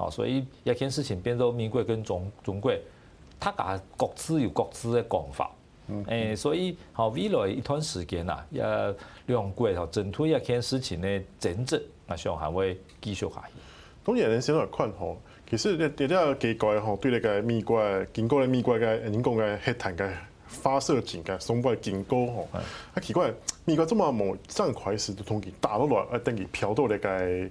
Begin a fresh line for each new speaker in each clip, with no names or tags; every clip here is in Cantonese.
哦，所以一件事情變做美國跟中中國，大家各自有各自的講法，誒，所以哦未來一段時間啊，也兩國哦整取一件事情咧，整正啊想還
會繼續下去。咁有人先有困惑，其實你啲阿幾改吼，對你個美國經過咧美國嘅人工嘅核彈嘅發射井嘅，從未見過吼，啊奇怪，美國咁啊冇咁快時，就同佢打到落，啊等於漂到嚟嘅。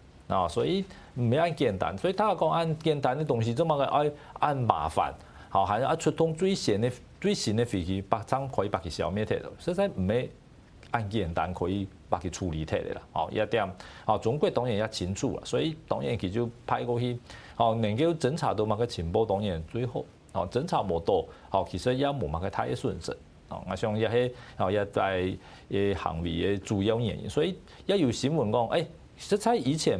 啊，所以毋免按簡單，所以大家講按簡單的東西，做乜嘅？愛按麻煩，好，係要出動最新的最新的飛機，百倉可以把件消滅得到，實在毋免按簡單可以把件處理㗎啦，哦，一點哦，中國當然要清楚啦，所以當然佢就派過去，哦，能夠偵查到嘛嘅情報，當然最好，哦，偵查無到，哦，其實也無嘛嘅太順順，哦，我想係喺哦，一啲嘅行為的主要原因，所以一有新聞講，唉，實在以前。